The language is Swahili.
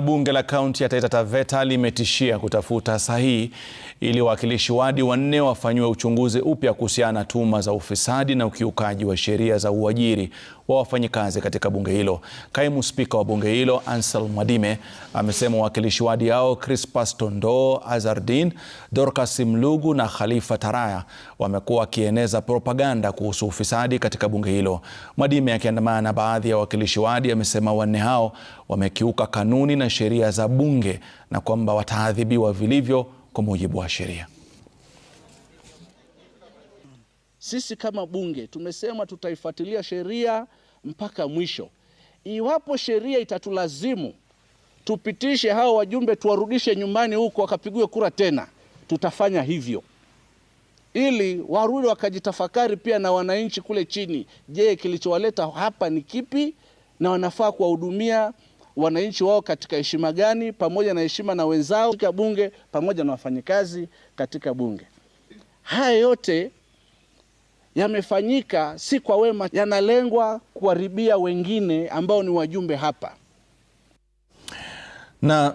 Bunge la kaunti ya Taita Taveta limetishia kutafuta sahihi ili wawakilishi wadi wanne wafanyiwe uchunguzi upya kuhusiana na tuhuma za ufisadi na ukiukaji wa sheria za uajiri wa wafanyikazi katika bunge hilo. Kaimu spika wa bunge hilo ansel Mwadime amesema wawakilishi wadi yao Crispas Tondoo Azardin, Dorcas Mlugu na Khalifa Taraya wamekuwa wakieneza propaganda kuhusu ufisadi katika bunge hilo. Mwadime akiandamana na baadhi ya wawakilishi wadi amesema wanne hao wamekiuka kanuni na sheria za bunge na kwamba wataadhibiwa vilivyo kwa mujibu wa sheria. Sisi kama bunge tumesema tutaifuatilia sheria mpaka mwisho. Iwapo sheria itatulazimu tupitishe hao wajumbe tuwarudishe nyumbani huko wakapigiwe kura tena, tutafanya hivyo ili warudi wakajitafakari pia na wananchi kule chini. Je, kilichowaleta hapa ni kipi, na wanafaa kuwahudumia wananchi wao katika heshima gani, pamoja na heshima na wenzao katika bunge, pamoja na wafanyikazi katika bunge. Haya yote yamefanyika si kwa wema, yanalengwa kuharibia wengine ambao ni wajumbe hapa na